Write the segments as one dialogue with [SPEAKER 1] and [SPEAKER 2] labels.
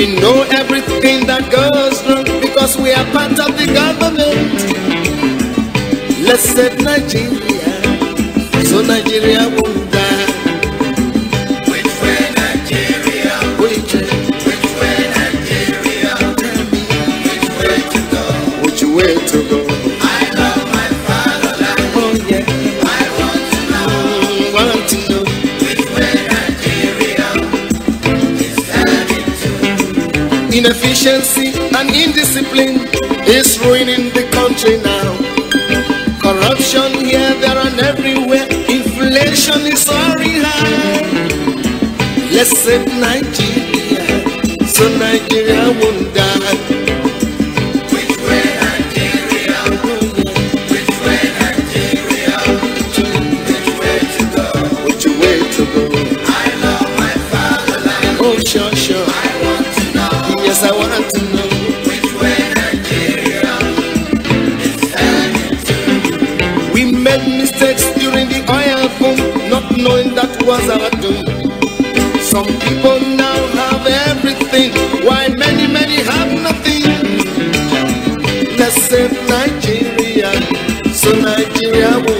[SPEAKER 1] we know every Inefficiency and indiscipline is ruining the country now. Corruption here, there, and everywhere. Inflation is already high. Let's save Nigeria so Nigeria won't die. was our doom. Some people now have everything, while many, many have nothing. Let's save Nigeria, so Nigeria will.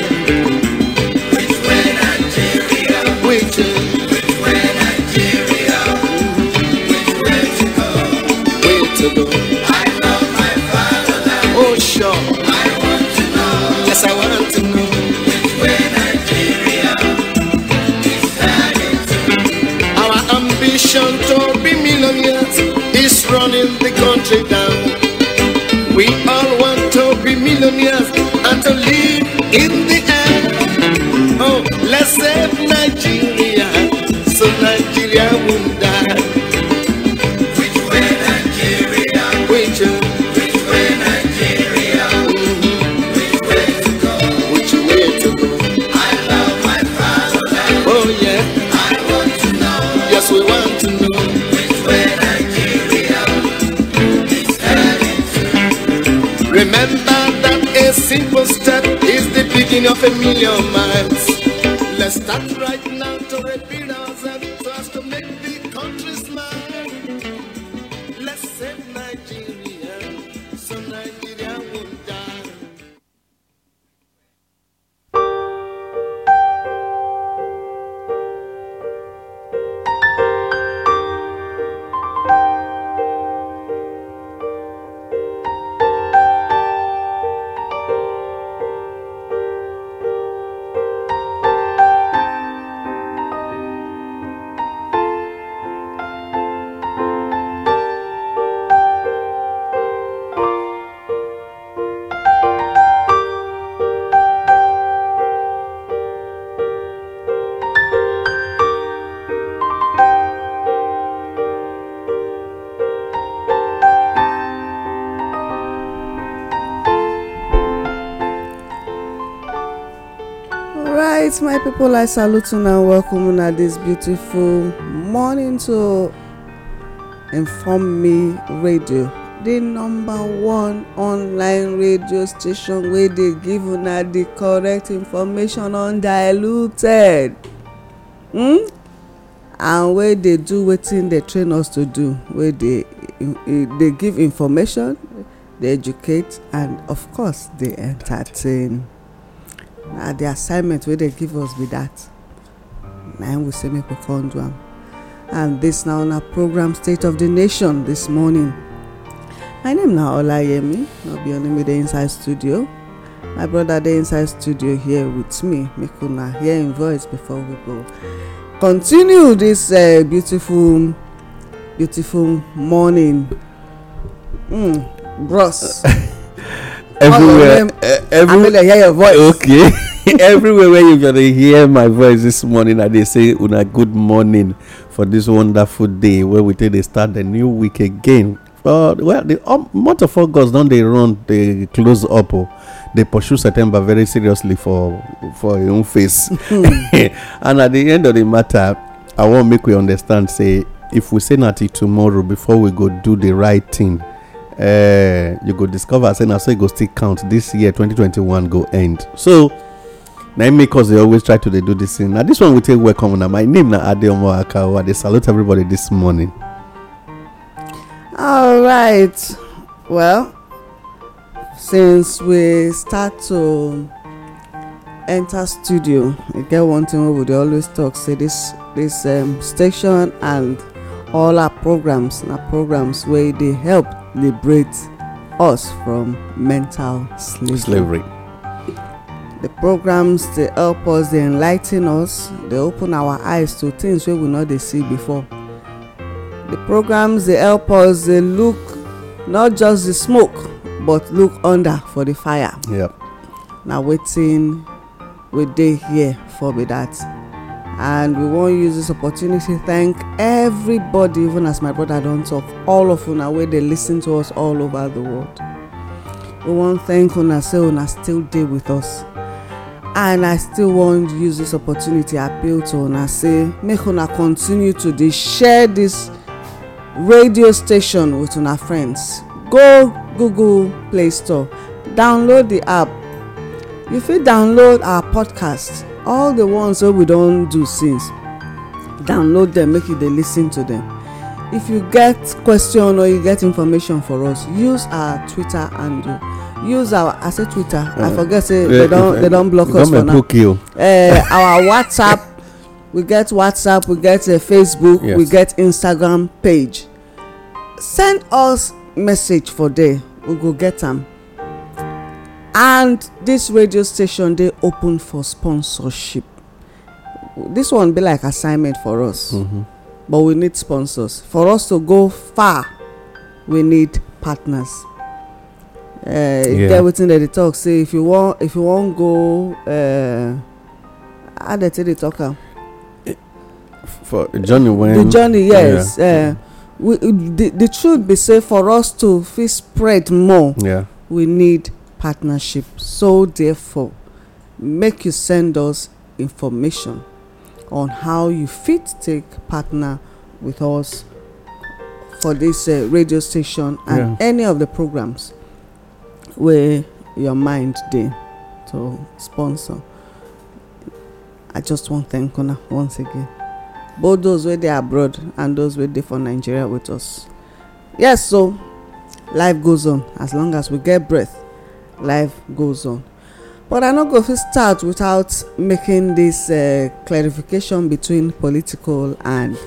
[SPEAKER 1] We a million miles. Let's start right
[SPEAKER 2] my people i salute you and welcome una this beautiful morning to inform me radio the number one online radio station where they give una the correct information undiluted hmm? and where they do wetin they train us to do where they eh, eh, they give information they educate and of course dey entertain na uh, the assignment wey dem give us be that na im we say make we come do am and dis na una program state of the nation this morning my name na olayemi no be only dey inside studio my brother dey inside studio here with me make una hear im voice before we go continue dis uh, beautiful beautiful morning mm bros everywhere.
[SPEAKER 3] Uh, every, Amele, hear your voice. Okay. everywhere where you're gonna hear my voice this morning, and they say, Una, good morning for this wonderful day where we take the start the new week again. Uh, well, the um, month of August, don't they run, they close up. Oh. They pursue September very seriously for for your own face. and at the end of the matter, I want make we understand say, if we say nothing tomorrow before we go do the right thing, Eh, you go discover say na so e go still count this year 2021 go end so na im make us dey always try to dey do this thing na this one we take welcome una my name na adeomo akawo i dey salute everybody this morning
[SPEAKER 2] alright well since we start to enter studio e get one thing wey we dey always talk say this this um, station and all our programs na programs wey dey help liberate us from mental slavery. slavery. The programs they help us, They enlighten us, They open our eyes to things wey we no dey see before. The programs they help us They look not just the smoke but look under for the fire. Yep. Now waiting, we day here for me that and we wan use this opportunity thank everybody even as my brother don talk all of una wey dey lis ten to us all over the world we wan thank una say una still dey with us and i still wan use this opportunity appeal to una say make una continue to dey share this radio station with una friends go google play store download the app you fit download our podcast all the ones wey we don do since download them, make you dey lis ten to them. if you get question or you get information for us use our twitter handle use our i say twitter i uh, forget say they don block us for now eh, our whatsapp we get whatsapp we get eh, facebook we get instagram page send us message for there we go get am and this radio station dey open for sponsorship This one be like assignment for us mm-hmm. but we need sponsors for us to go far we need partners uh, yeah. e get wetin dem dey talk say if you wan if you wan go uh, how dem take dey talk am eh,
[SPEAKER 3] for journey when the journey yes
[SPEAKER 2] yeah. Uh, we the the truth be say for us to fit spread more yeah we need partnership. So, therefore, make you send us information on how you fit take partner with us for this uh, radio station and yeah. any of the programs where your mind day to sponsor i just want thank una once again both those wey dey abroad and those where they for nigeria with us yes so life goes on as long as we get breath life goes on but i no go fit start without making dis uh, clarification between political and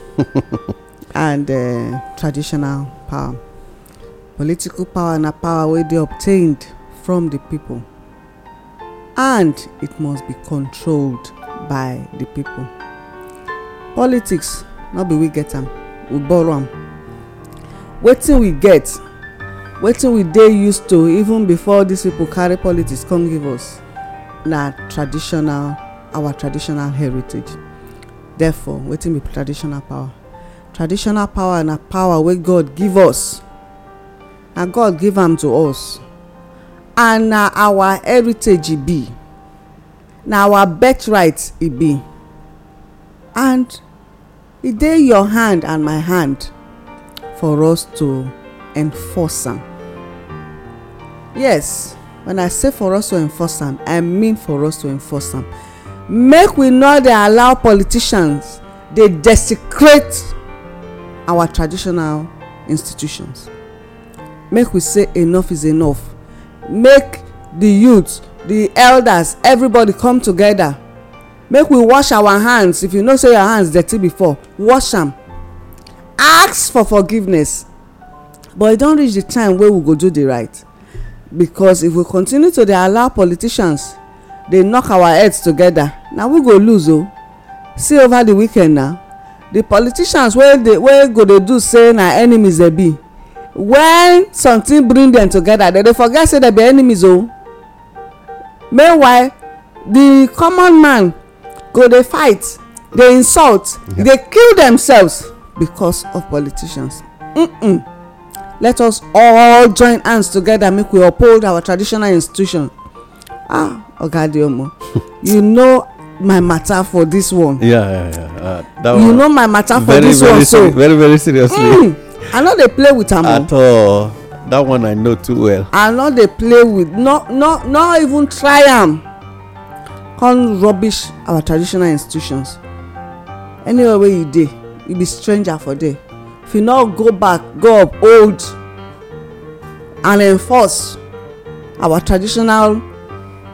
[SPEAKER 2] and uh, traditional power political power na power wey dey obtained from the people, and it must be controlled by the people. politics no be we get am we borrow am wetin we get wetin we dey used to even before dis people carry politics come give us na traditional our traditional heritage therefore wetin be traditional power traditional power na power wey god give us na god give am to us and na our heritage e be na our birthright e be and e dey your hand and my hand for us to enforce am yes when i say for us to enforce am i mean for us to enforce am make we no dey allow politicians dey desecrate our traditional institutions make we say enough is enough make the youth the elders everybody come together make we wash our hands if you know say your hands dirty before wash am ask for forgiveness but e don reach the time wey we go do the right because if we continue to dey allow politicians dey knock our heads together na we go lose o oh. see over the weekend na the politicians wey dey wey go dey do say na enemies dey be when something bring them together they dey forget say they be enemies o oh. meanwhile the common man go dey fight dey insult dey kill themselves because of politicians mm -mm let us all join hands together make we uphold our traditional institution ah oga adeomo you know my matter for this one
[SPEAKER 3] yeah yeah yeah uh, you know my matter for this one so very very seriously hmm,
[SPEAKER 2] i no dey play with am at all that one i know too well i no dey play with no no no even try am come rubbish our traditional institutions anywhere wey you dey you be stranger for there if you no go back go uphold and enforce our traditional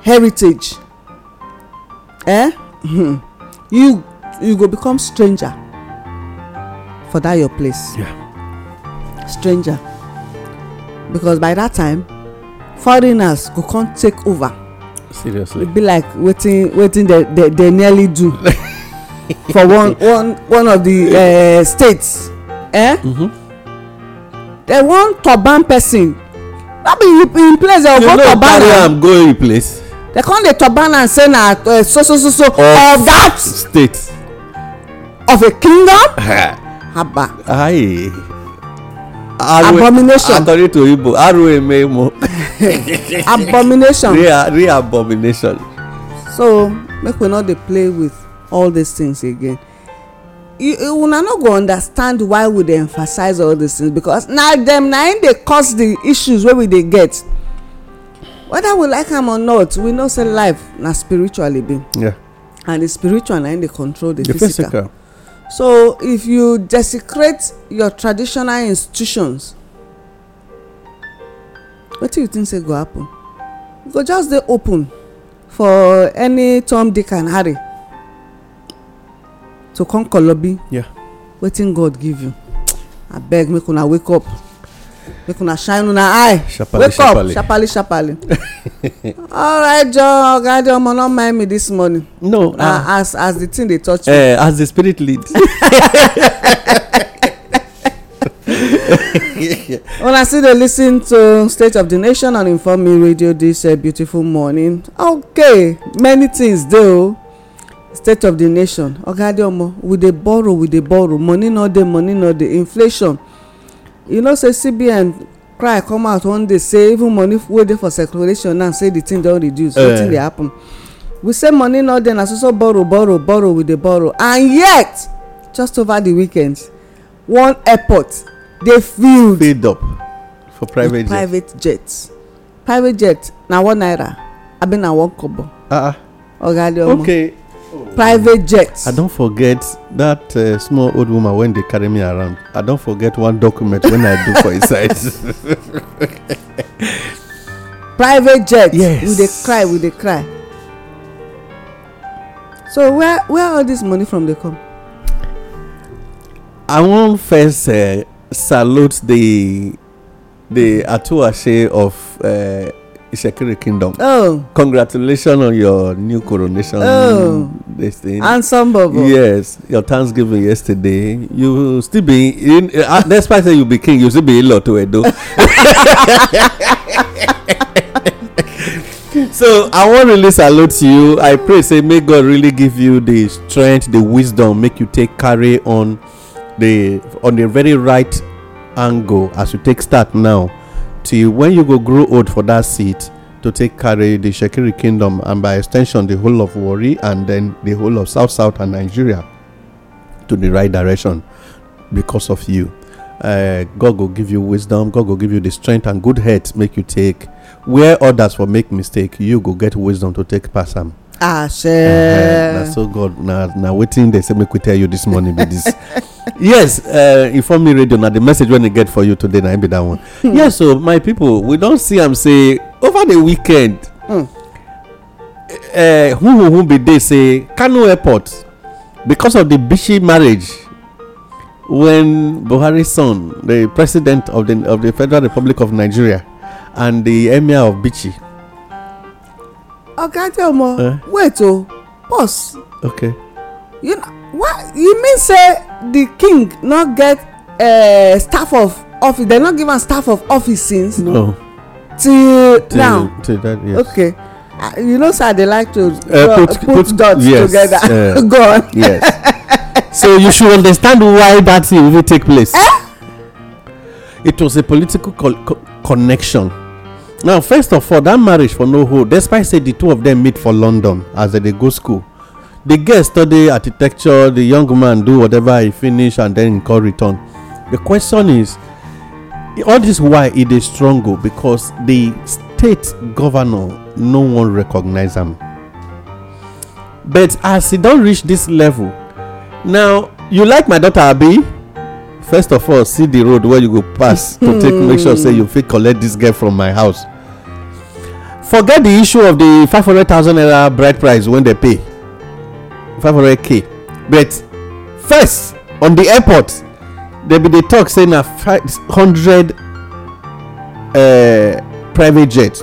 [SPEAKER 2] heritage eh you you go become stranger for that your place Yeah. stranger because by that time foreigners go come take over seriously It'd be like wetin wetin they nearly do for one one one of di eh, states eh dem mm-hmm. wan turban person no be in place dem go turban am carry am go in place They come dey turban am say na eh, so so so so of that state of a kingdom haba
[SPEAKER 3] aye. abomination according to igbo aruememo
[SPEAKER 2] abomination
[SPEAKER 3] real abomination
[SPEAKER 2] so make we no dey play with all these things again una no go understand why we dey emphasize all these things because na dem na im dey cause the issues wey we dey get whether we like am or not we know say life na spiritually e be yeah, and the spiritual na im dey control the physical so if you desecrate your traditional institutions wetin you think say go happen you go just dey open for any tom dick and harry to come kolobi yeah. wetin god give you abeg make una wake up make una shine una eye wake up shapali shapali. All right, john ogade omo no mind me this morning no ah. as as the thing dey touch
[SPEAKER 3] me eh, as the spirit lead
[SPEAKER 2] una still dey listen to state of the nation and inform me radio this dis eh, beautiful morning okay many things dey o state of the nation oga omo, we dey borrow we dey borrow money no dey money no dey inflation you know say cbn cry come out one day say even money wey dey for circulation now say the thing don reduce wetin eh. dey happen we say money no dey na so so borrow borrow borrow we dey borrow and yet just over the weekend one airport dey filled filled up for private jet private jet private jet na one naira abi na one kobo oga ah, ah. omo. okay private jet. i don
[SPEAKER 3] forget that uh, small old woman wey dey carry me around i don forget one document wey i do for inside.
[SPEAKER 2] private jet yes we dey cry we dey cry so where where all this money from dey come.
[SPEAKER 3] i wan first uh, salute the the atuase of uh, Ishekiri Kingdom. Oh. Congratulations on your new coronation. Oh. This thing. Handsome Bobo. Yes. Your Thanksgiving yesterday. You still be in uh, ah, despite say you be king, you still be in to Edo. so I want really salute you. I pray say may God really give you the strength, the wisdom, make you take carry on the on the very right angle as you take start now. to when you go grow old for that seat to take carry the Shekiri kingdom and by extension the whole of Wari and then the whole of South South and Nigeria to the right direction because of you. Uh, God will give you wisdom, God will give you the strength and good head make you take. Where others will make mistake, you go get wisdom to take past them.
[SPEAKER 2] ashe na
[SPEAKER 3] so god na wetin dey say make we tell you this morning be this yes eh, inform me radio na the message wey they get for you today na be that one hmm. yes so my people we don see am say over the weekend hmm. eh, eh, who who be dey say kano airport because of the bishi marriage when buhari son the president of the of the federal republic of nigeria and the emir of bichi
[SPEAKER 2] oga tell mo wait o pause okay you know you mean say the king not get eh, staff of office dem not give am staff of office since no till now till that yes okay ah, you know sir i dey like to eh, uh, put put dots together eh. go on
[SPEAKER 3] yes so you should understand why that thing even take place eh it was a political connection now first of all that marriage for no hold despite say the two of them meet for london as they dey go school the girl study architecture The young man do whatever he finish and then e come return The question is all this why e dey struggle because the state governor no wan recognize am but as he don reach this level now you like my daughter abi first of all see the road where you go pass to take make sure say hmm. you fit collect this girl from my house forget the issue of the five hundred thousand naira bride price wey dem pay five hundred k but first on the airport dem bin dey talk say na 500 eh, private jet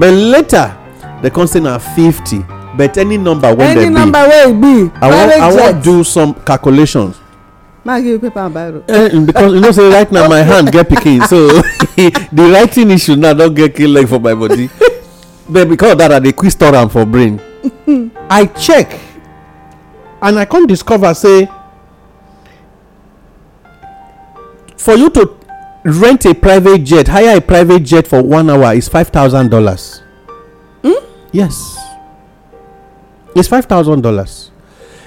[SPEAKER 3] but later dem come say na fifty. but any number wey dem
[SPEAKER 2] be i wan
[SPEAKER 3] do some calculations
[SPEAKER 2] ma give you paper and biro.
[SPEAKER 3] Eh, because you know say right now my hand get pikin so the writing issue now don get kill leg for my body but because of that i dey quick store am for brain. i check and i come discover say for you to rent a private jet hire a private jet for one hour is five thousand dollars. Hmm? yes it's five thousand dollars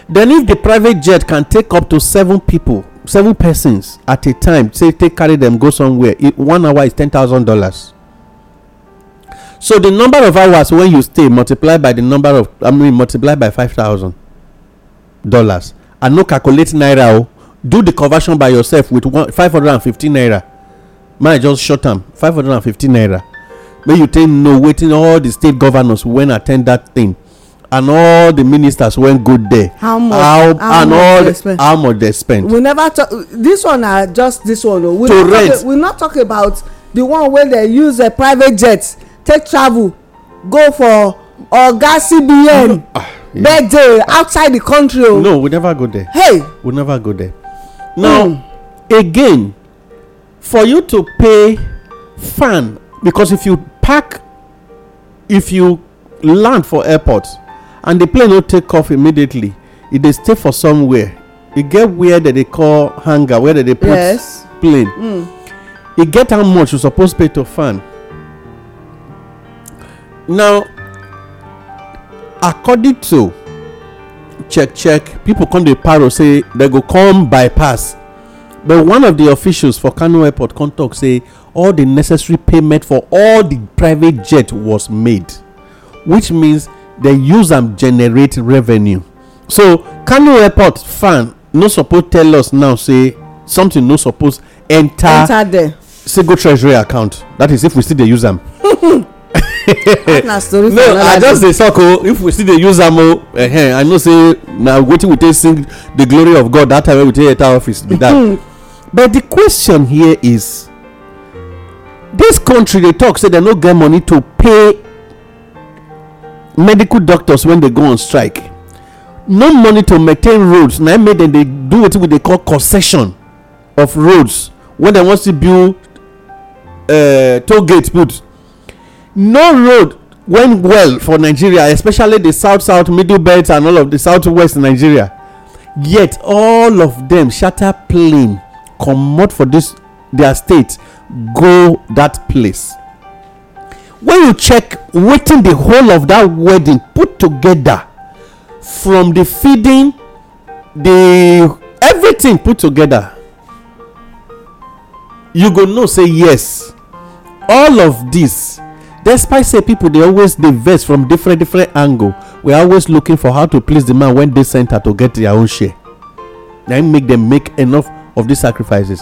[SPEAKER 3] then if the private jet can take up to seven people seven persons at a time say take carry them go somewhere it, one hour is ten thousand dollars so the number of hours when you stay multiply by the number of i mean multiply by five thousand dollars and no calculate naira o do the conversion by yourself with one five hundred and fifty naira man just short am five hundred and fifty naira make you take know wetin all the state governors wen at ten d that thing and all the ministers wey go there how
[SPEAKER 2] much how
[SPEAKER 3] much they spend
[SPEAKER 2] we never talk this one na just this one o oh. to rent we not talk about the one wey dey use a private jet take travel go for oga cbn ah, birthday outside the country o
[SPEAKER 3] oh. no we never go there hey we never go there now hmm. again for you to pay fan because if you park if you land for airport and the plane no take off immediately e dey stay for somewhere e get where dem dey call hangar where dem dey put plane hmm. e get how much you suppose pay to fan now according to check check people come dey paro say dem go come bypass but one of the officials for kano airport come tok say all the necessary payment for all the private jet was made which means dem use am generate revenue so kano airport fan no suppose tell us now say something no suppose enter there. say go treasury account that is if we still dey use am no
[SPEAKER 2] i just dey
[SPEAKER 3] talk o oh, if we still dey use am o -huh, i know say na wetin we take sing the glory of god that time when we take enter office be that hmm. but the question here is this country dey talk say dem no get money to pay medical doctors when they go on strike no money to maintain roads na im make dem dey do wetin we dey call concession of roads when dem wan see build uh, toll gate put no road went well for nigeria especially the south south middle belt and all of the southwest nigeria yet all of dem shatter plane comot for dis their state go dat place when you check wetin the whole of that wedding put together from the feeding the everything put together you go know say yes all of this despite say people dey always dey vex from different different angle we are always looking for how to please the man wey dey center to get their own share na im make them make enough of these sacrifices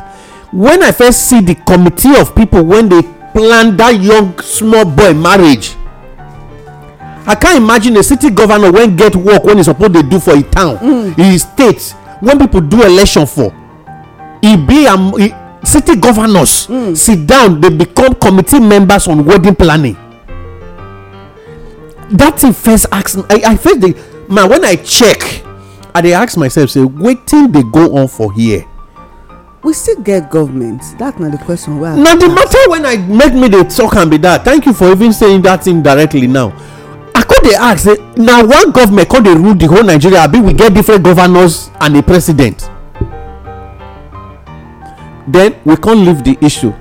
[SPEAKER 3] when i first see the committee of people wey dey plan that young small boy marriage i can't imagine a city governor wey get work wey he suppose dey do for e town e state when people do election for e be am city governors mm. sit down dey become committee members on wedding planning that thing first ask i i first dey man when i check i dey ask myself say wetin dey go on for here we still get government dat
[SPEAKER 2] na the question wey i na
[SPEAKER 3] the matter when i make me dey talk am be that thank you for even saying that thing directly now i come dey ask say eh, na one government come dey rule the whole nigeria abi we get different governors and a president then we come leave the issue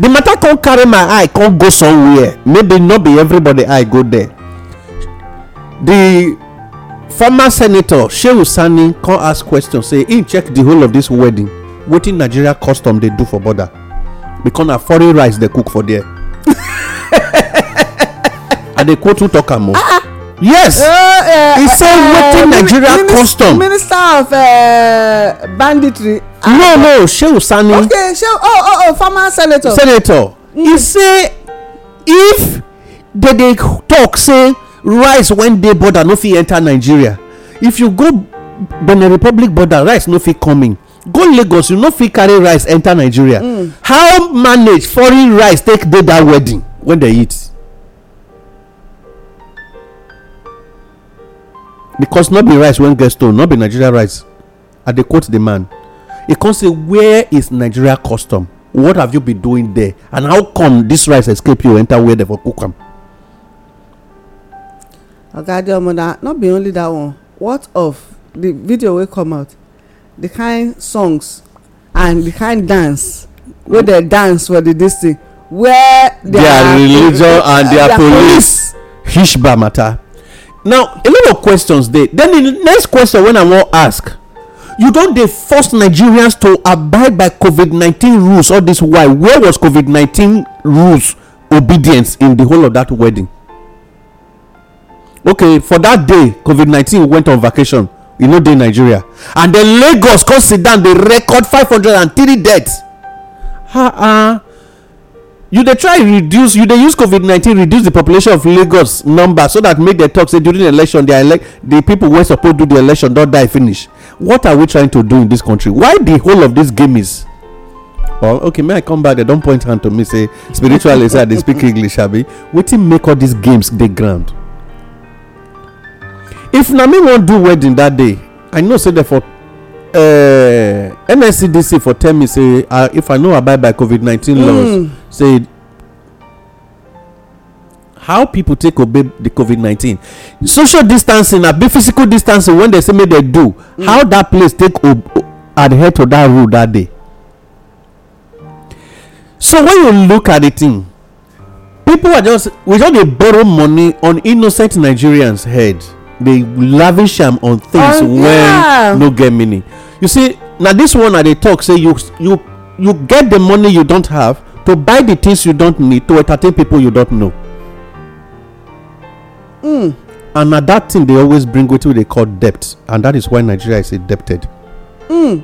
[SPEAKER 3] the matter come carry my eye come go somewhere maybe not be everybody eye go there the former senator shehu sani come ask question say he check the whole of this wedding wetin nigeria custom dey do for border because na foreign rice dey cook for there i dey quote who talk am o ah, ah. yes uh,
[SPEAKER 2] uh, He uh, say wetin nigeria custom minister of banditry
[SPEAKER 3] ah, no no shehu sani okay
[SPEAKER 2] shehu oh oh oh former senator senator e say if they dey
[SPEAKER 3] talk say rice wen dey border no fit enter nigeria if you go benin republic border rice no fit come in go lagos you no fit carry rice enter nigeria mm. how manage foreign rice take dey that wedding when they eat because no be rice wey get stone no be nigeria rice i dey quote the man e come say where is nigeria custom what have you been doing there and how come this rice escape you enter where they for cook am.
[SPEAKER 2] oga adeomola not be only dat one what of di video wey come out the kind songs and the kind dance wey dem dance for the dis thing where their religion and their police
[SPEAKER 3] hishba matter now a lot of questions dey then the next question wey i wan ask you don dey force nigerians to abide by covid nineteen rules all this while where was covid nineteen rules obedience in the whole of that wedding okay for that day covid nineteen went on vacation e no dey nigeria and then lagos come sit down dey record 503 deaths ah you dey try reduce you dey use covid nineteen reduce the population of lagos number so that make dem tok say during election di pipo wey suppose do the election don die finish what are we trying to do in this country why the whole of this game is or okay may i come back dem don point hand to me say spiritually say i dey speak english abi wetin make all these games dey ground if na me wan do wedding dat day i know say dem for eh, nscdc for tell me say uh, if i no abide by covid 19 hmm. laws say how people take obey the covid 19 social distancing na be physical distancing when dem say make dem do hmm. how dat place take adhere to dat rule dat day so when you look at the thing people are just we just dey borrow money on innocent nigerians head dey lavish am on things oh, wey no get meaning you see na this one i dey talk say you you you get the money you don't have to buy the things you don't need to entertain people you don't know mm. and na that thing dey always bring wetin we dey call debt and that is why nigeria is indebted mm.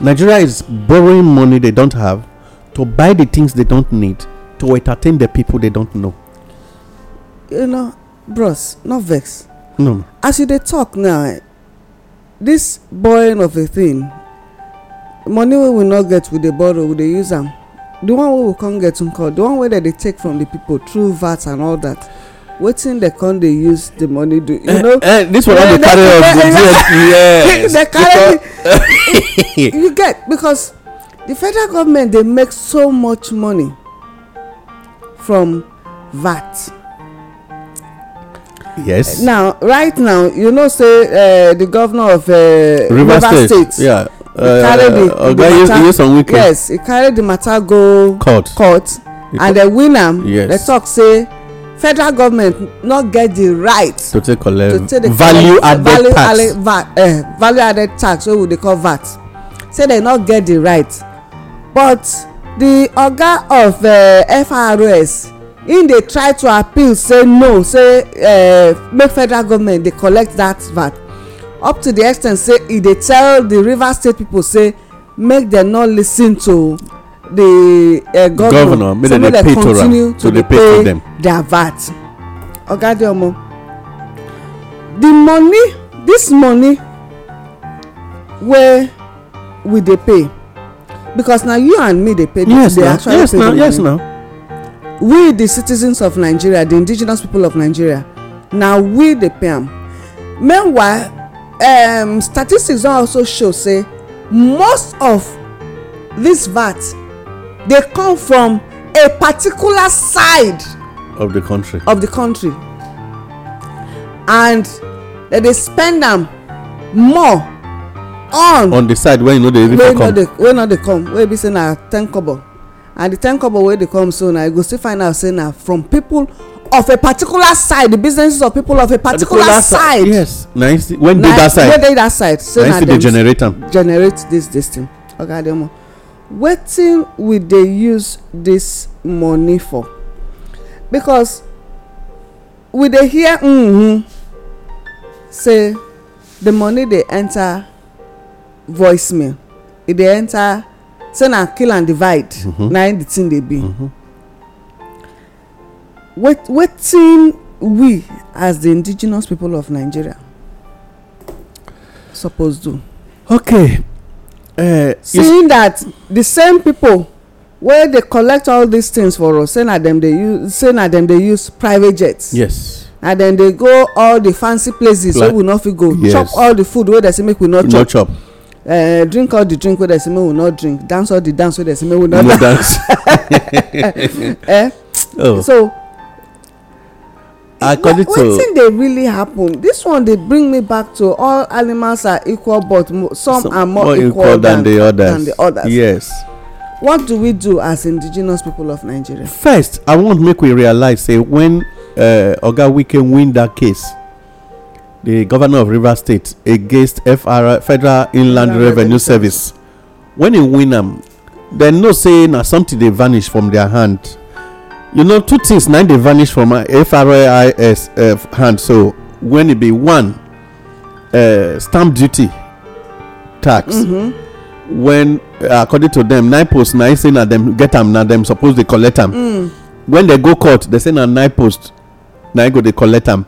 [SPEAKER 3] nigeria is borrowing money they don't have to buy the things they don't need to entertain the people they don't know
[SPEAKER 2] you know bros no vex no as you dey talk now eh, this borrowing of a thing money wey we no get we dey borrow we dey use am the one wey we come get nkor the one wey dem dey take from the people through vat and all that wetin dem come dey use the money do you eh, know eh this one don dey carry us go eh, yes dey carry you get because the federal government dey make so much money from vat yes now right now you know say uh, the governor of uh, rivers state yeah uh, carry the matter yes he carried the matter go court court and the winner. Yes. dem talk say federal government not get the right
[SPEAKER 3] to take um, collect value added tax
[SPEAKER 2] eh, value added tax What would they call vat say they not get the right but the oga of frs im dey try to appeal say no say eh, make federal government dey collect dat vat up to di extent say e dey tell di rivers state pipo say make dem no lis ten to di eh, governor so make dem continue to dey pay dia vat oga adeomu di money dis money wey we dey pay because na you and me dey pay yes dey actually pay di money we the citizens of nigeria the indigenous people of nigeria na we dey pay am meanwhile um, statistics don also show say most of this vat dey come from a particular side
[SPEAKER 3] of the country
[SPEAKER 2] of the country and dem dey spend am more on
[SPEAKER 3] on the side wey no dey
[SPEAKER 2] even come wey no dey come wey be say na ten kobo and the ten couple wey dey come soon. I go still find out say na from people of a particular side the businesses of people of a particular side yes
[SPEAKER 3] na when dey that side when dey that side so na dem generate am
[SPEAKER 2] generate this this thing oga ademo wetin we dey use this money for because we dey hear mm -hmm, say the money dey enter voicemail e dey enter say na kill and divide mm-hmm. na im the thing dey be mm-hmm. wetin we as the indigenous people of nigeria suppose do okay. Uh, seeing that the same people wey dey collect all these things for us say na dem dey use say na dem dey use private jets yes na dem dey go all the fancy places wey we no fit go chop all the food wey dem say make we no chop uh, drink all the drink wey dem say make we no drink dance all the dance wey dem say make we no dance. eh? oh. so
[SPEAKER 3] ah, according to wetin
[SPEAKER 2] dey really happen this one dey bring me back to all animals are equal but some, some are more, more equal, equal than, than, the others. than the others yes what do we do as indigenous people of nigeria.
[SPEAKER 3] first i want make we realize say when uh, oga wike win that case the governor of Rivers State against FR, Federal Inland Revenue, Revenue Service. When you win them, they not say na something they vanish from their hand. You know, two things now they vanish from FRIS uh, eh, hand. So when it be one, uh, stamp duty tax.
[SPEAKER 1] Mm-hmm.
[SPEAKER 3] When uh, according to them, nine post nine say na them get them now them suppose they collect them. Mm. When they go court, they say na nine post nine go they collect them.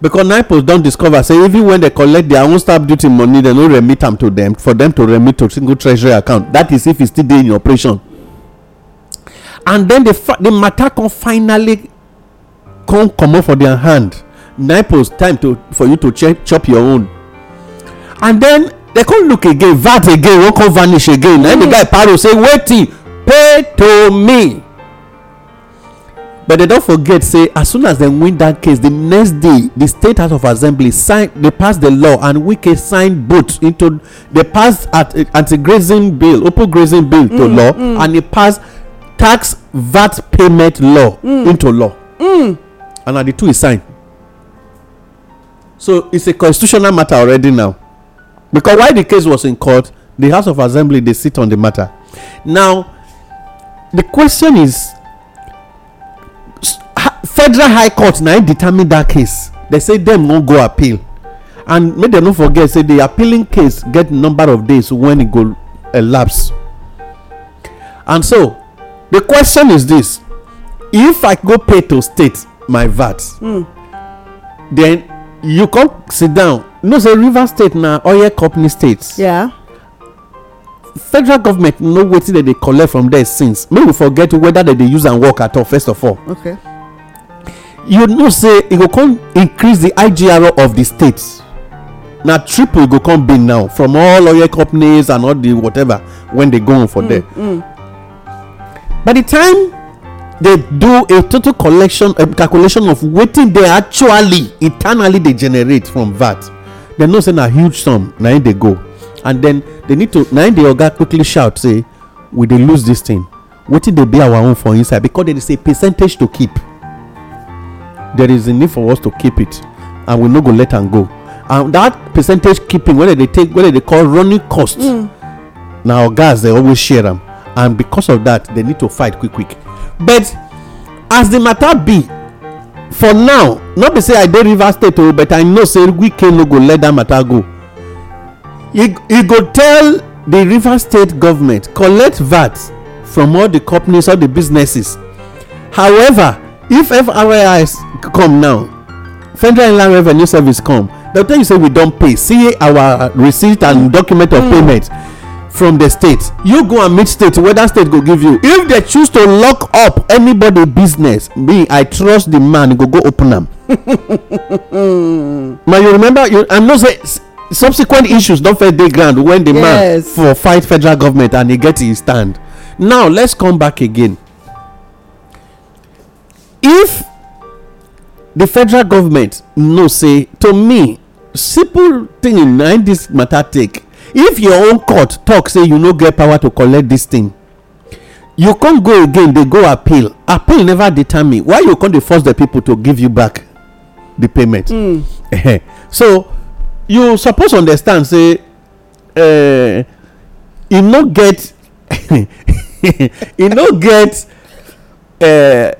[SPEAKER 3] because nipos don discover say even when they collect their own stamp duty money They no remit am to them for them to remit to single treasury account that is if e still dey in operation and then the matter come finally come comot for their hand nipos time to for you to chop your own and then they come look again vat again wan come vanish again na the mm. guy paro say wetin pay to me but they don't forget say as soon as they win that case the next day the state house of assembly sign they pass the law and wike sign both into they pass at anti-grazing bill open grazing bill to mm, law mm. and they pass tax vat payment law mm. into law and na di two e sign so it's a constitutional matter already now because while the case was in court the house of assembly dey sit on the matter now the question is federal high court na im e determine dat case dem say dem no go appeal and make dem no forget say di appealing case get number of days wen e go elapse and so di question is dis if i go pay to state my vat hmm. then you come sit down know say River state na oil company state federal government know wetin dem dey collect from there since make we forget whether dem dey use am work at all first of all okay you know say e go come increase the igr of the state na triple e go come be now from all oil companies and all the whatever wen dey go on for mm, there mm. by the time they do a total collection a calculation of wetin they actually internally dey generate from vat they know say na huge sum na im dey go and then they need to na im the oga quickly shout say we dey lose this thing wetin dey be our own for inside because there is a percentage to keep there is a need for us to keep it and we no go let am go and that percentage keeping wey dem dey take wey dem dey call running cost mm. na guys, dey always share am and because of that dem need to fight quick quick but as the matter be for now not be say i dey rivers state o but i know say wike no go let that matter go e go tell the rivers state government collect vat from all the companies all the businesses however if fris come now federal inland revenue service come dem tell you say we don pay see our receipt and mm. document of mm. payment from the state you go and meet state whether state go give you if they choose to lock up anybody business me i trust the man go go open am but you remember you i know say subsequent issues don first dey ground when the man for fight federal government and he get e stand now let's come back again if the federal government know say to me simple thing in nine, this matter take if your own court talk say you no get power to collect this thing you come go again dey go appeal appeal never determine why you come dey force the people to give you back the payment hmm. so you suppose understand say uh, e no get e no get uh,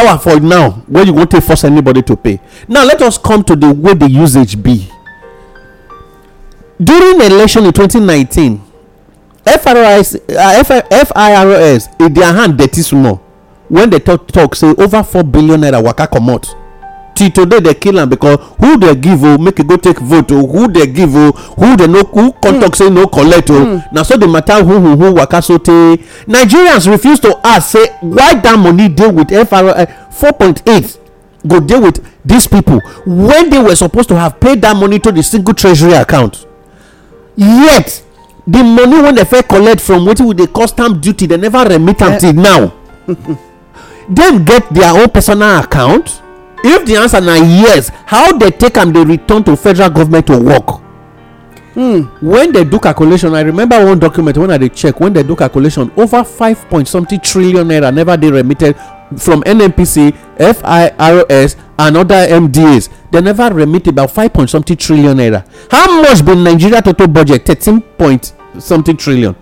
[SPEAKER 3] power for now where you wan take force anybody to pay now let us come to the way the usage be during election in 2019 firs firs in their hand that is more. when they talk talk say over four billion naira waka comot till today dey kill am because who dey give o make e go take vote o who dey give o who dey no who come hmm. talk say no collect o hmm. na so the matter who who who waka so tey nigerians refuse to ask say why that money dey with frl eh, four point eight go dey with these people when they were supposed to have paid that money to the single treasury account yet the money wey dem fit collect from wetin we dey call stamp duty dem never remit am eh. till now dem get their own personal account if the answer na yes how dey take am dey return to federal government to work hmm. when dem do calculation i remember one document when i dey check when dem do calculation over five point something trillion naira never dey remitted from nnpc firs and other mdas dem never remit about five point something trillion naira how much be nigeria total budget thirteen point something trillion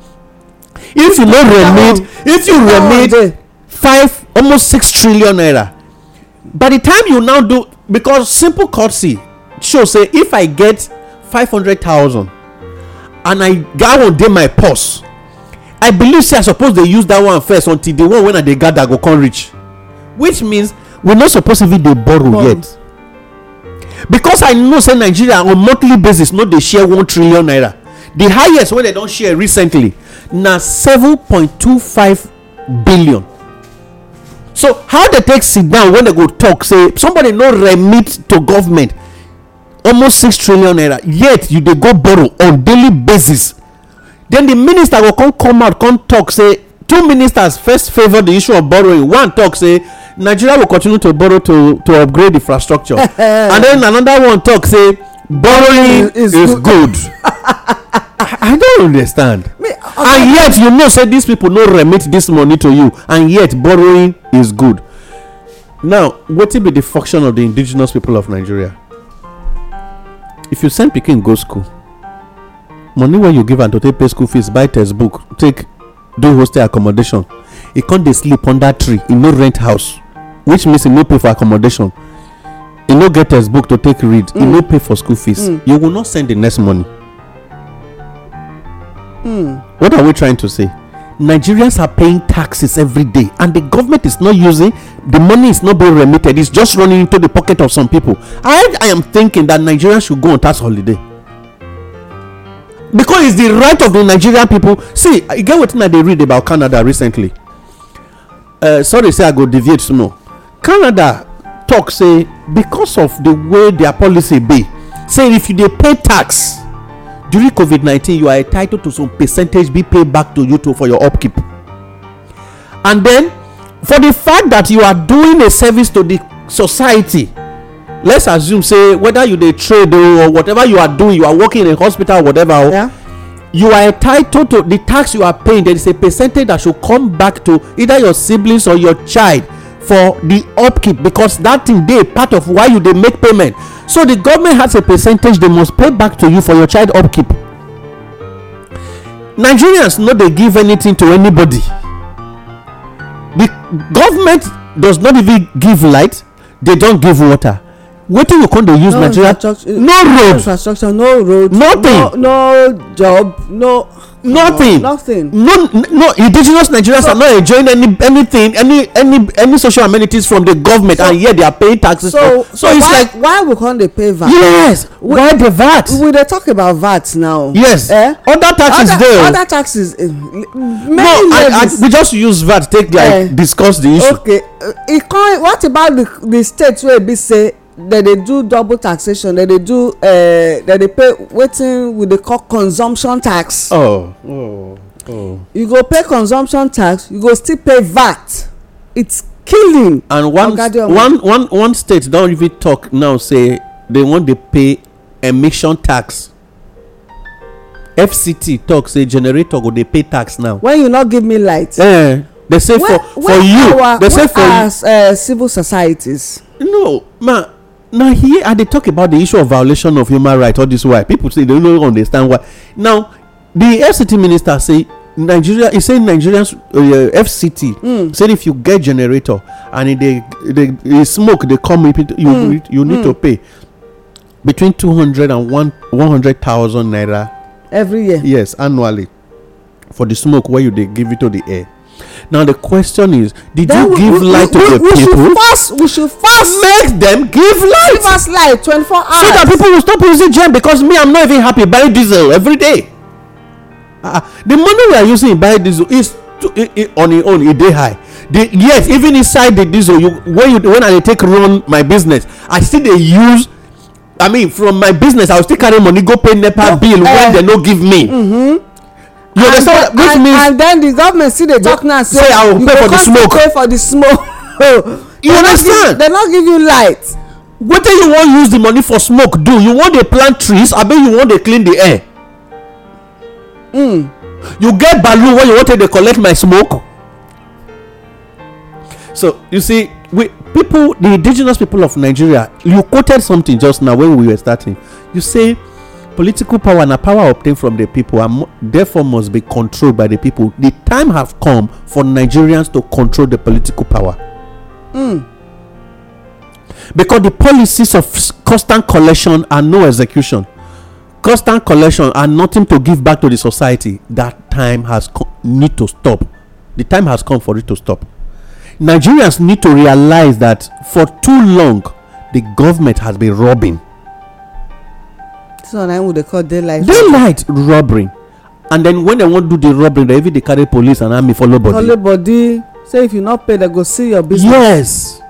[SPEAKER 3] if
[SPEAKER 1] you no remit if you
[SPEAKER 3] remit five almost six trillion naira by the time you now do because simple courtesy show say if i get five hundred thousand and i that one dey my purse i believe say i suppose dey use that one first until the one wey i dey gather go come reach which means we no suppose even dey borrow Bond. yet because i know say nigeria on monthly basis no dey share one trillion naira the highest wey dem don share recently na seven point two five billion so how dem take sit down when they go talk say somebody no remit to government almost six trillion naira yet you dey go borrow on daily basis then the minister go come come out come talk say two ministers first favour the issue of borrowing one talk say nigeria will continue to borrow to to upgrade infrastructure
[SPEAKER 1] and
[SPEAKER 3] then another one talk say borrowing is good i i don understand and yet you know say these people no remit this money to you and yet borrowing is good now what wetin be the function of the indigenous people of nigeria if you send pikin go school money wey you give and to take pay school fees buy textbook take do hostel accommodation he can't dey sleep under tree in no rent house which means he no pay for accommodation he no get textbook to take read he mm. no pay for school fees mm. you will not send the next money
[SPEAKER 1] Mm. What are we
[SPEAKER 3] trying to say? Nigerians are paying taxes every day, and the government is not using the money is not being remitted. It's just running into the pocket of some people. I, I am thinking that Nigerians should go on tax holiday because it's the right of the Nigerian people. See, you get what I they read about Canada recently. Uh, sorry, say I go deviate to know. Canada talk say because of the way their policy be, say if you they pay tax during COVID 19, you are entitled to some percentage be paid back to you too for your upkeep. And then, for the fact that you are doing a service to the society, let's assume, say, whether you dey trade or whatever you are doing, you are working in a hospital, whatever, yeah. you are entitled to the tax you are paying. There is a percentage that should come back to either your siblings or your child for the upkeep because that thing dey part of why you dey make payment so the government has a percentage they must pay back to you for your child upkeep nigerians no dey give anything to anybody the government does not even give light they don give water
[SPEAKER 2] wetin you come dey use nigeria no road no road nothing no job no nothing nothing no no indigenous nigerians so, are not enjoying
[SPEAKER 3] any anything any any any social amenities from the government so, and yet they are paying taxes so so, so it's why, like
[SPEAKER 2] why we can't they pay vat yes we, why the vat we dey talk about vat now yes eh? other taxes other, dey other taxes uh, no, I, I, we just use vat take like eh,
[SPEAKER 3] discuss the issue
[SPEAKER 2] okay uh, e come what about the the state wey e be say dem dey do double taxation dem dey do uh, eh, dem dey pay wetin we dey call consumption tax. Oh,
[SPEAKER 1] oh, oh.
[SPEAKER 2] you go pay consumption tax you go still pay vat it's killing. and one one
[SPEAKER 3] one one state don even talk now say they wan dey pay emission tax fct talk say generator go dey pay tax now.
[SPEAKER 2] when you no give me light.
[SPEAKER 3] Eh, they say for for you our, they say for you. as uh,
[SPEAKER 2] eh, civil societies. no ma
[SPEAKER 3] now here and they talk about the issue of violation of human rights all this why people say they don't understand why now the fct minister say nigeria he say nigerians uh, fct mm. say if you get generator and they they smoke they come you mm. you need mm. to hmm. pay between two hundred and one hundred thousand naira every year yes annually for the smoke where you they give it to the air now the question is did then you we, give we, light we, to the people should fast, we should
[SPEAKER 2] fast make
[SPEAKER 3] them give light give us
[SPEAKER 2] light twenty-four hours so that
[SPEAKER 3] people will stop using gem because me i'm not even happy buying diesel every day uh, the money we are using to buy diesel is to, it, it, on its own e dey high the yes even inside the diesel you when you when i dey take run my business i still dey use i mean from my business i go still carry money go pay nepa bill when dem eh. no
[SPEAKER 1] give me mm-hmm you
[SPEAKER 2] understand and, which and, means and then the government still dey talk now say, say you go come pay for the smoke you understand they no give you light
[SPEAKER 3] wetin you wan use the money for smoke do you wan dey plant trees abi you wan dey clean the air mm. you get balloon wey you wan take dey collect my smoke so you see we people the indigenous people of nigeria you quoted something just now when we were starting you say political power and power obtained from the people and therefore must be controlled by the people the time have come for nigerians to control the political power mm. because the policies of constant collection and no execution constant collection and nothing to give back to the society that time has co- need to stop the time has come for it to stop nigerians need to realize that for too long the government has been robbing
[SPEAKER 2] this one i would call daylight
[SPEAKER 3] daylight robbery and then when dem wan do the robbery dem even dey carry police and army follow body follow
[SPEAKER 2] body say if you not pay they go see your business yes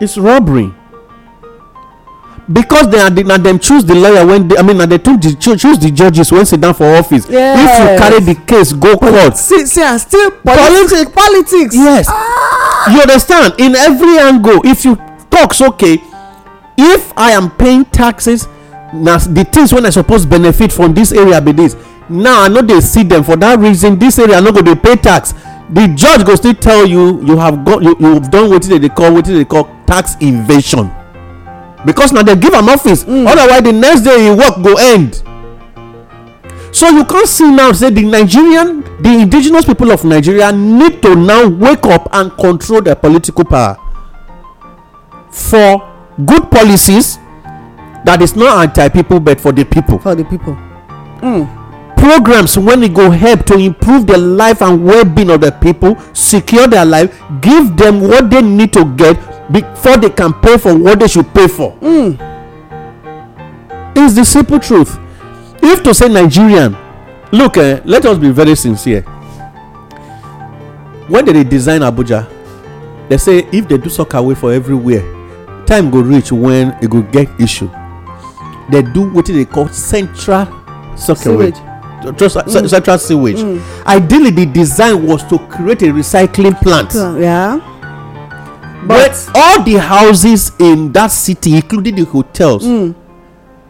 [SPEAKER 3] it's robbery because they are na them choose the lawyer when i mean na dem choose the judges when sit down for office if you carry the case go court
[SPEAKER 2] see see and still politics
[SPEAKER 3] politics yes ah! you understand in every angle if you talks okay if i am paying taxes na the things wey i suppose benefit from this area be this. now i no dey see them for that reason This area no go dey pay tax the judge go still tell you you have got you done wetin dem dey call wetin dem dey call tax invasion because na dem give am office mm. otherwise the next day im work go end so you con see now say the nigerian the indigenous people of nigeria need to now wake up and control their political power for good policies that is not anti people but for the people for the people mm. programs when it go help to improve the life and well-being of the people secure their life give them what they need to get before they can pay for what they should pay for mm. it's the simple truth if to say nigerian look eh, let us be very sincere when they design abuja they say if they do soccer away for everywhere time go reach when e go get issue they do wetin they call central sewage
[SPEAKER 1] just mm. central sewage mm.
[SPEAKER 3] ideally the design was to create a recycling plant yeah. but Where all the houses in that city including the hotels mm.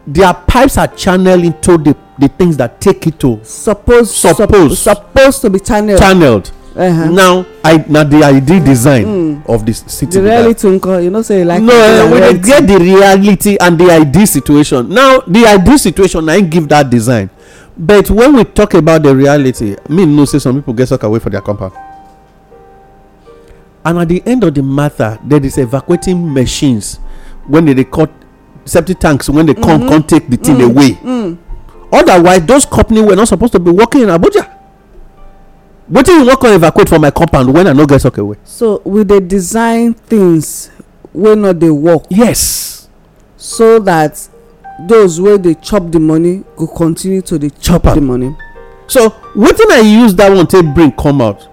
[SPEAKER 3] their pipes are channeled into the the things that take it to.
[SPEAKER 2] suppose suppose supposed to be channeled. channeled
[SPEAKER 3] Uh-huh. now I na the ideal design hmm. of di city the reality
[SPEAKER 2] nko you know say like no we eh, dey
[SPEAKER 3] get the reality and the ideal situation now the ideal situation na im give that design but when we talk about the reality me know say some people get suck away for their compound and at the end of the matter there is evacuating machines when they dey cut septic tanks when they come mm-hmm. come take the thing mm-hmm. away mm. otherwise those companies were not supposed to be working in abuja wetin you no come evacuate from my compound when i no get socket away.
[SPEAKER 2] so we dey design things wey no dey work. yes. so that those wey dey chop the money go continue to dey chop the money. so wetin i use that one take bring come out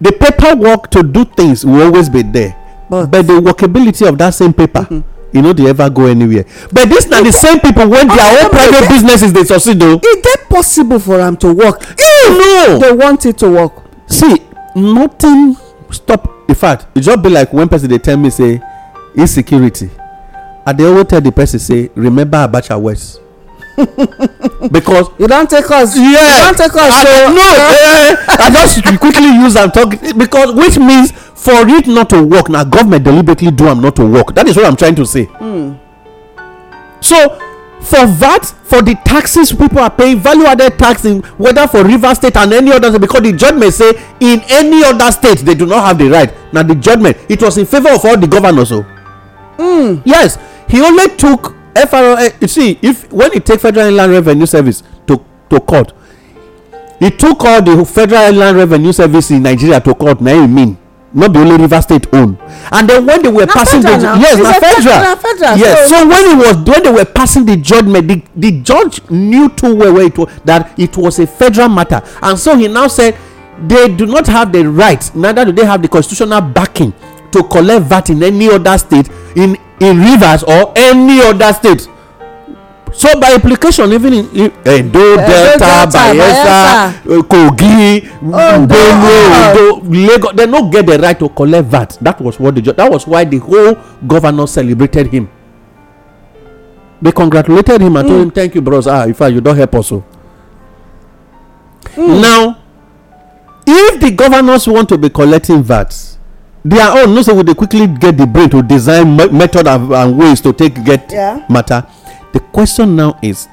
[SPEAKER 3] the paperwork to do things will always be there but, but the workability of that same paper. Mm -hmm e no dey ever go anywhere but dis na the same people when their own private businesses dey succeed o
[SPEAKER 2] e dey possible for am to work you know they want it to work see
[SPEAKER 3] nothing stop in fact e just be like when person dey tell me say insecurity i dey always tell the person say remember abacha west
[SPEAKER 2] because you don take us yeah you don take us so no i just quickly use am
[SPEAKER 3] talk because which means for it not to work na government deliberately do am not to work that is what i'm trying to say hmm. so for vat for the taxes people are paying value added tax in whether for river state and any other state because the judgment say in any other state they do not have the right na the judgment it was in favour of all the governors o. Oh. Mm. yes he only took FRA, eh, you see, if when it take Federal Inland Revenue Service to to court, it took all the Federal Inland Revenue Service in Nigeria to court. Now you mean not the only River State own, and then when they were na passing the now. yes, na federal, federal, yes. So, so when it was when they were passing the judgment, the, the judge knew too well where it was, that it was a federal matter, and so he now said they do not have the rights, neither do they have the constitutional backing to collect VAT in any other state in in rivers or any other state so by implication even in edo delta bayelsa uh, kogi benue oh. ondo lagos dem no get the right to collect vat that was what the judge that was why the whole governor celebrated him they congratulated him and told hmm. him thank you bros ah fact, you don help us o. Oh. Hmm. now if the governors want to be collecting vat their own no say we dey quickly get the brain to design method and ways to take get matter the question now is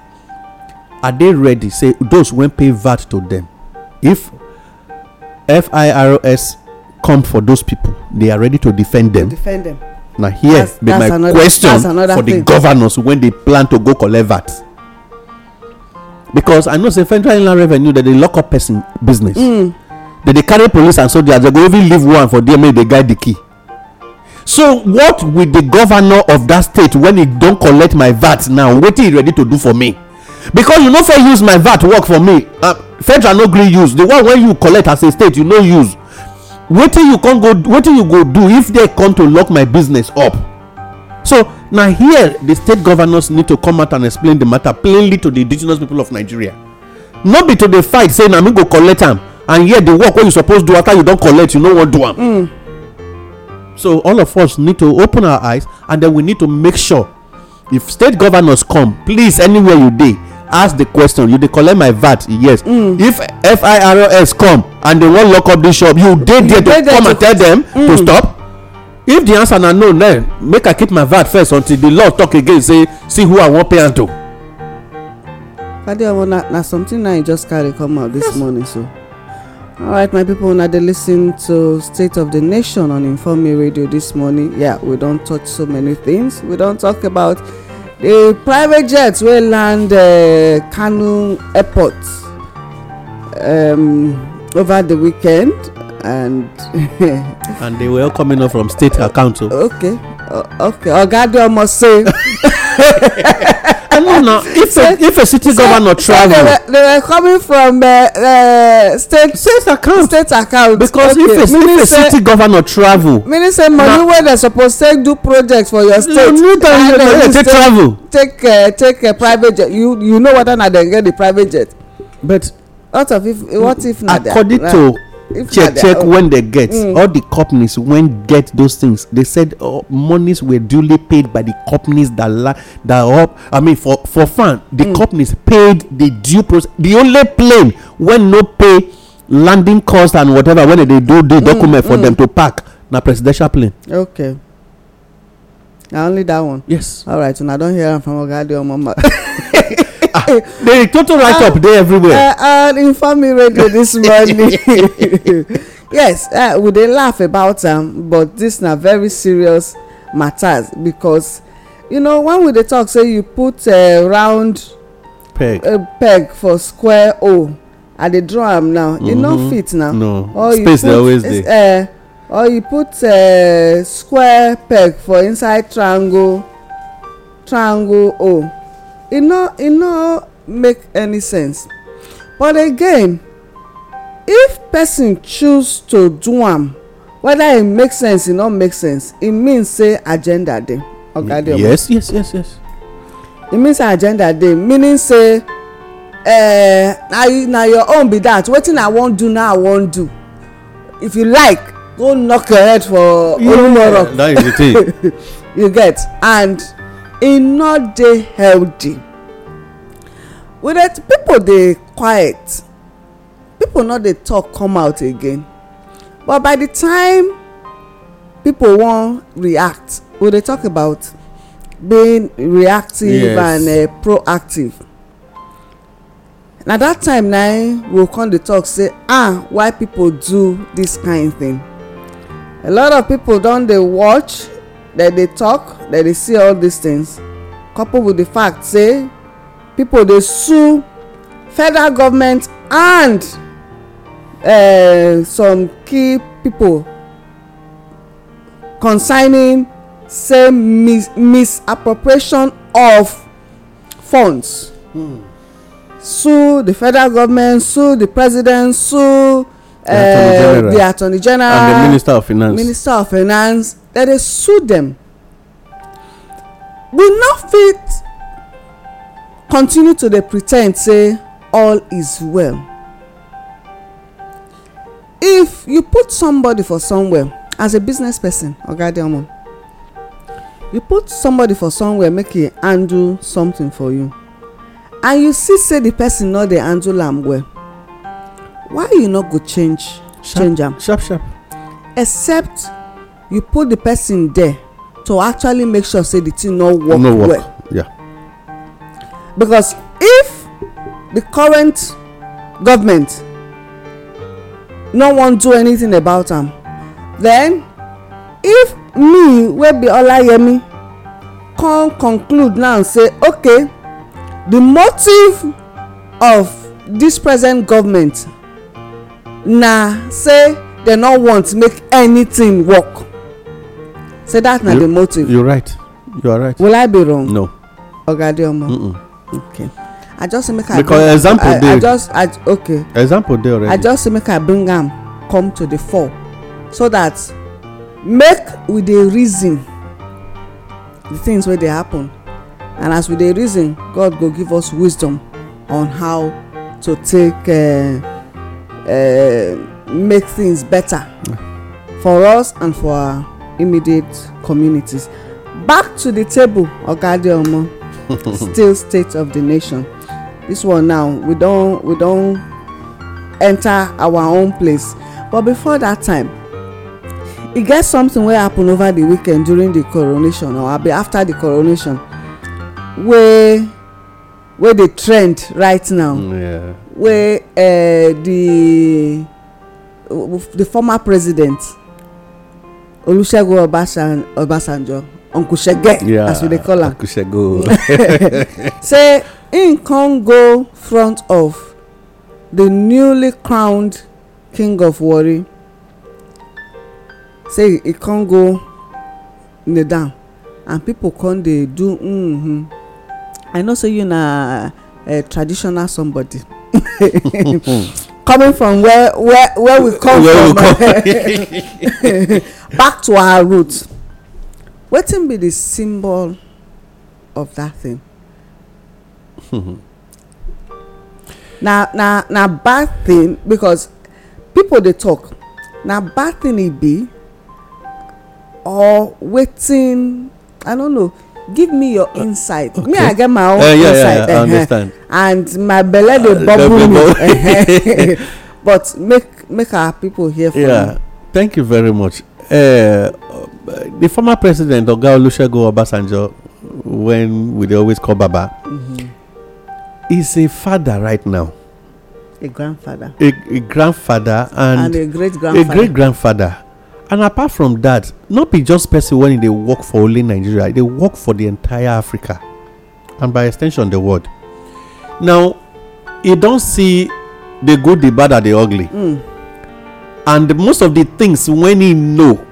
[SPEAKER 3] are they ready say those wey pay vat to them, if firs come for those people they are ready to defend them. Defend them. na here be my question for the governors when they plan to go collect vat because i know say federal inland revenue dem dey lock up person business mm. They dey carry police and soldiers They go even leave one for there make e guide the key so what with the governor of that state when he don collect my vat now wetin he ready to do for me because you no fit use my vat work for me uh, federal no gree use the one wey you collect as a state you no use wetin you go wetin you go do if they come to lock my business up so na here the state governors need to come out and explain the matter plainly to the indigenous people of nigeria no be to dey fight say na me go collect am and yet the work wey you suppose do after you don collect you no wan do am mm. so all of us need to open our eyes and then we need to make sure if state governors come please anywhere you dey ask the question you dey collect my vat yes mm. if firs come and they wan lock up dis shop you dey there to come and tell dem to mm. stop if the answer na no then make i keep my vat first until the law talk again say see who i wan pay am to.
[SPEAKER 2] na something na e just carry come out dis morning so All right, my people, now they listen to State of the Nation on Inform Me Radio this morning. Yeah, we don't touch so many things. We don't talk about the private jets We land uh, Kanu Airport um, over the weekend, and
[SPEAKER 3] and they were all coming up from state account. Okay,
[SPEAKER 2] uh, okay, I must say.
[SPEAKER 3] no, If a, if a city so, governor travel, they, were,
[SPEAKER 2] they were coming from uh, uh, state state account state account because okay. if, a, if a city governor
[SPEAKER 3] travel,
[SPEAKER 2] minister, money where wey supposed to do projects for your state, no, no, and dem use take travel take uh, take a private jet you you know what na dem get the private jet. but what if what if na according to check check when they get mm. all the
[SPEAKER 3] companies when get those things they said oh, monies were duly paid by the companies that la that up i mean for for fun the mm. companies paid the due process the only plane when no pay landing cost and whatever when they do the mm, document mm, for them to park na presidential plane.
[SPEAKER 2] okay na only that one yes All right. alright una don't hear from oga adeoma ah, the total write up dey everywhere. and uh, uh, inform me radio this morning yes uh, we they laugh about am but this now very serious matters because you know when we dey talk say you put a round peg peg for square O, and they draw them now e no mm-hmm. fit now no space dey always dey or you put uh, square peg for inside triangle triangle hole e no e no make any sense but again if person choose to do am whether e make sense or no make sense e mean say agenda dey oga dey yes yes yes yes e mean say agenda dey meaning say uh, na, na your own be that wetin i wan do now i wan do if you like go knock your head for olumoro that is the thing you get and e no dey healthy with it people dey quiet people no dey talk come out again but by the time people wan react we dey talk about being reactive and eh, proactive na that time na e we go come dey talk say ah why people do this kind thing a lot of people don dey watch dem dey talk dem dey see all these things coupled with the fact say people dey sue federal government and uh, some key people concerning say mis misappropriation of funds mm. sue the federal government sue the president sue Um, the attorney general and the minister of finance minister of finance dem dey sue them. we no fit continue to dey pretend say all is well if you put somebody for somewhere as a business person oga adeomo you put somebody for somewhere make e handle something for you and you see say the person no dey handle am well why you no go change change am sharp sharp except you put the person there to actually make sure say the thing no work no work well
[SPEAKER 3] yeah
[SPEAKER 2] because if the current government no wan do anything about am then if me wey be olayemi come conclude now say okay the motive of this present government na say dem no want make anything work say dat na the motive you right you are right will i be wrong no Oga ogadiomo okay i just say make i because example dey i just i okay example dey already i just say make i bring am come to the fore so that make we dey reason the things wey dey happen and as we dey reason god go give us wisdom on how to take uh, Uh, make things better for us and for our immediate communities back to the table oga still state of the nation this one now we don we don enter our own place but before that time e get something wey happen over the weekend during the coronation or abi after the coronation wey wey dey trend right now mm, wey uh, eh, the the former president olusegun obasan obasanjo uncle shege yeah, as we dey call am say im come go front of the newly crowned king of warri say e come go kneel down and people come dey do mm -hmm. i know say you na uh, traditional somebody coming from where where where we come where from we come. back to our root wetin be the symbol of that thing na na na bad thing because people dey talk na bad thing e be or wetin i no know give me your uh, insight me i get my own uh, insight Yeah, yeah, -huh. and my belle dey uh, bubble me uh-huh. but make make our people hear from yeah
[SPEAKER 3] thank you very much uh, the former president oga olusegun obasanjo when we dey always call baba mm-hmm. is a father right now
[SPEAKER 2] a grandfather a,
[SPEAKER 3] a grandfather and, and a great grandfather a great grandfather and apart from that, not be just person when they work for only nigeria they work for the entire africa and by extension the world now you don't see the good the bad and the ugly hmm. and most of the things when e know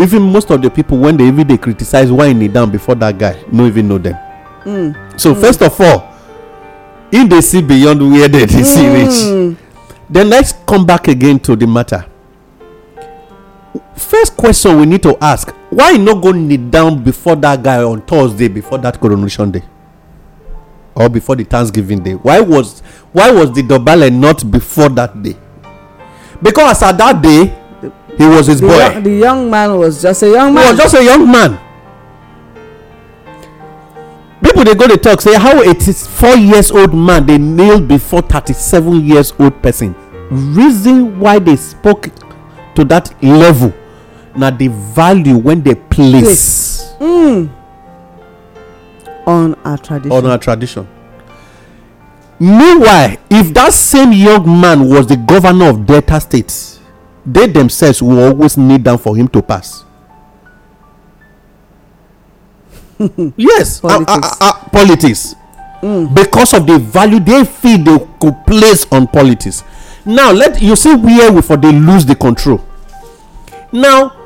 [SPEAKER 3] even most of the people when they even they criticize why e down before that guy no even know them. Hmm. so hmm. first of all in they see beyond where they dey see rich. then let's come back again to the matter first question we need to ask why e no go kneel down before that guy on thursday before that coronation day or before the thanksgiving day why was why was the dobale not before that day because at that day he was his boy
[SPEAKER 2] the young man was just a
[SPEAKER 3] young man he was just a young man people dey go dey talk say how four years old man dey kneel before thirty-seven years old person reason why they spoke to that level na the value when they place
[SPEAKER 2] mm. on our tradition on
[SPEAKER 3] our tradition meanwhile if that same young man was the governor of delta state they themselves will always need them for him to pass yes ah, ah, ah, politics, uh, uh,
[SPEAKER 1] uh, politics. Mm.
[SPEAKER 3] because of the value they feel they could place on politics now let you see where we for they lose the control now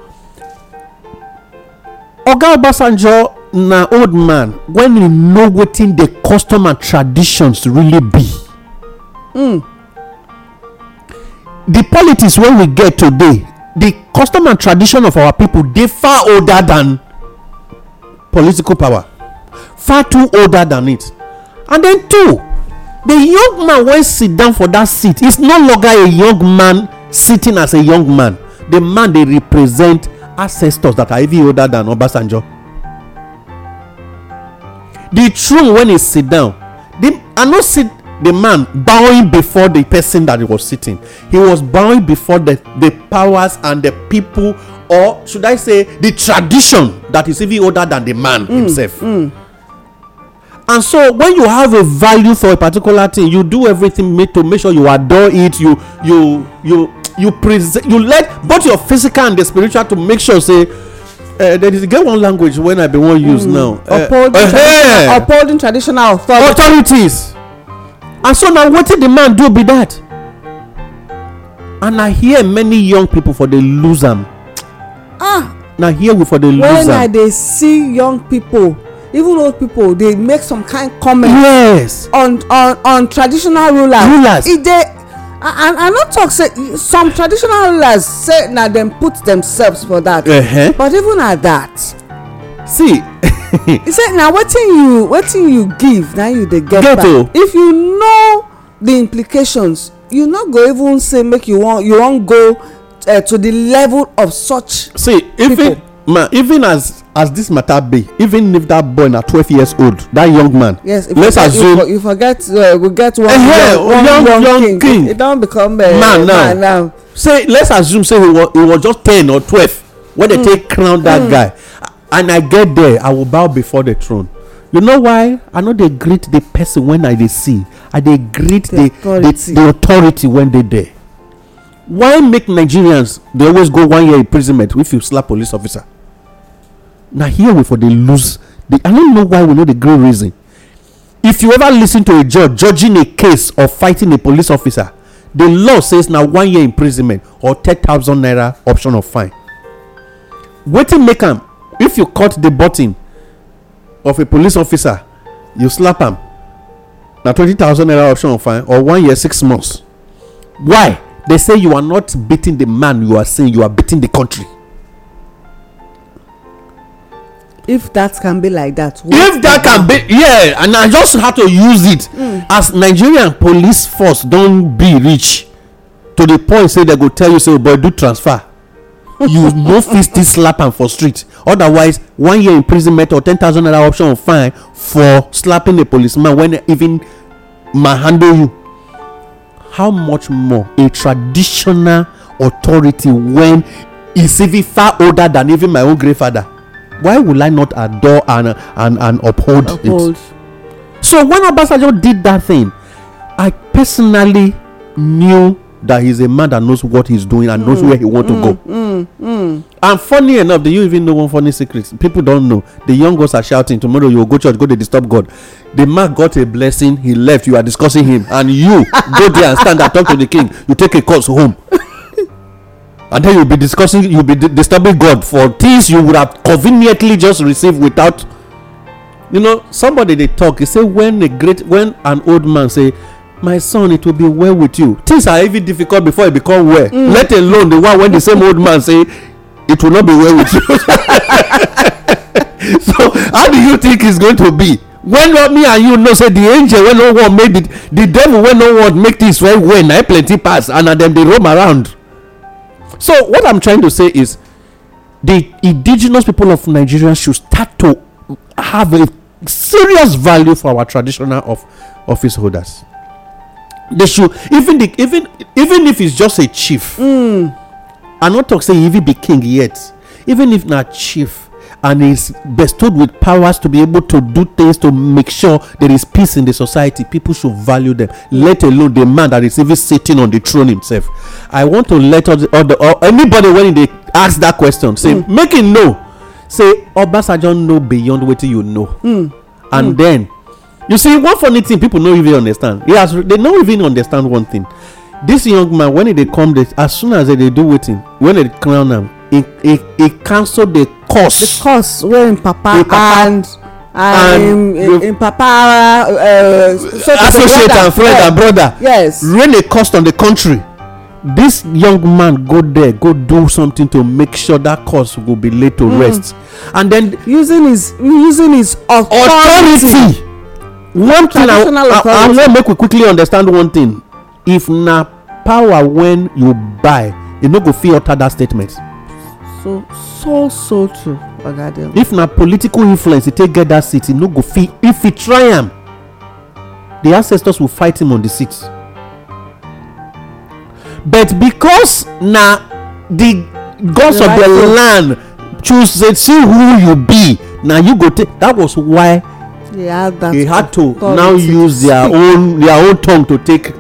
[SPEAKER 3] oga obasanjo na old man When e know wetin the custom and traditions really be hmm. the politics wey we get today the custom and tradition of our people dey far older than political power far too older than it and then two the young man wey sit down for that seat is no longer a young man sitting as a young man the man dey represent ancestors that are even older than Obasanjo. The throne when he sit down, the, I no see the man bowing before the person that he was sitting. He was bowing before the, the powers and the people, or should I say, the tradition that is even older than the man mm, himself. Mm. and so when you have a value for a particular thing you do everything make to make sure you adore it you you you you present you let both your physical and the spiritual to make sure say uh, there is get one language when i bin wan use mm. now eh, eh, upholding traditional upholding traditional authorities and so na wetin the man do be that. and i hear many young people for dey lose am ah. na here we for dey lose am when i
[SPEAKER 2] dey see young people, even old people, dey make some kind comment yes on on on traditional rulers rulers e dey i no talk say some traditional rulers say na dem put themselves for that uh-huh. but even at that see e say na wetin you wetin you give na you dey get back oh. if you know the implications you no go even say make you wan go eh, to the level of such see even
[SPEAKER 3] ma even as as this matter be even if that boy na twelve years old that young man yes if let's you, assume you,
[SPEAKER 2] you forget uh, we get one, uh, young, oh, one young, young, young king, king. It, it don become uh, man, now. man now
[SPEAKER 3] say let's assume say he was he was just ten or twelve when mm. they hmm. take crown that mm. guy and i get there i will bow before the throne you know why i no dey greet the person when i dey see i dey greet the the authority, the, the authority when they there why make nigerians dey always go one year imprisonment if you slap police officer Now here we for the lose. The, I don't know why we know the great reason. If you ever listen to a judge judging a case or fighting a police officer, the law says now one year imprisonment or ten thousand naira option of fine. Wetin make am if you cut the button of a police officer, you slap am na twenty thousand naira option of fine or one year six months. Why? They say you are not beating the man you are saying you are beating the country.
[SPEAKER 2] if that can be like that. if
[SPEAKER 3] that can be yeah and i just had to use it mm. as nigerian police force don be reach to the point say they go tell you say oh boy do transfer you no fit still slap am for street otherwise one year imprisonment or ten thousand naira option of fine for slapping a policeman when even manhandle you how much more a traditional authority when is even far older than even my own grandfather why will I not adore and and, and uphold, uphold. it? So when Obasanjo did that thing, I personally knew that he's a man that knows what he's doing and mm, knows where he want mm, to go.
[SPEAKER 1] Mm, mm,
[SPEAKER 3] and funny enough, do you even know one funny secret? People don't know. The young girls are shouting, "Tomorrow you will go church, go to disturb God." The man got a blessing. He left. You are discussing him, and you go there and stand and talk to the king. You take a course home. and then you'll be discussing, you'll be disturbing God for things you would have conveniently just received without. You know, somebody they talk. He say when a great, when an old man say, "My son, it will be well with you." Things are even difficult before it become well. Mm. Let alone the one when the same old man say, "It will not be well with you." so, how do you think it's going to be? when not me and you know say the angel wey no wan make the the devil wey no wan make things well well na plenty pass and na dem dey roam around So what I'm trying to say is the indigenous people of Nigeria should start to have a serious value for our traditional of office holders. They should even the even even if it's just a chief. Mm. I not talking say he even be king yet. Even if not chief, and is bestowed with powers to be able to do things to make sure there is peace in the society, people should value them. Let alone the man that is even sitting on the throne himself. I want to let all the, all the all, anybody when they ask that question, say, mm. make it know. Say, Obasanjo know beyond what you know. Mm. And mm. then, you see, one funny thing people don't even understand. Yes, they don't even understand one thing. This young man, when they come, they, as soon as they, they do waiting, when they crown him, e cancel the curse the
[SPEAKER 2] curse wey im papa and and im papa uh, associate and friend and brother yes
[SPEAKER 3] really cost on the country this young man go there go do something to make sure that curse go be laid to mm. rest and then using his using his authority one thing i I wan make we quickly understand one thing if na power when you buy you e no go fit alter that statement
[SPEAKER 2] so so so true oga dem
[SPEAKER 3] if na political influence e take get dat seat e no go fit if e try am di ancestors will fight him on di seat but because na di gods of di land choose say see who you be na you go take that was why
[SPEAKER 2] he had to now use their own
[SPEAKER 3] their own tongue to take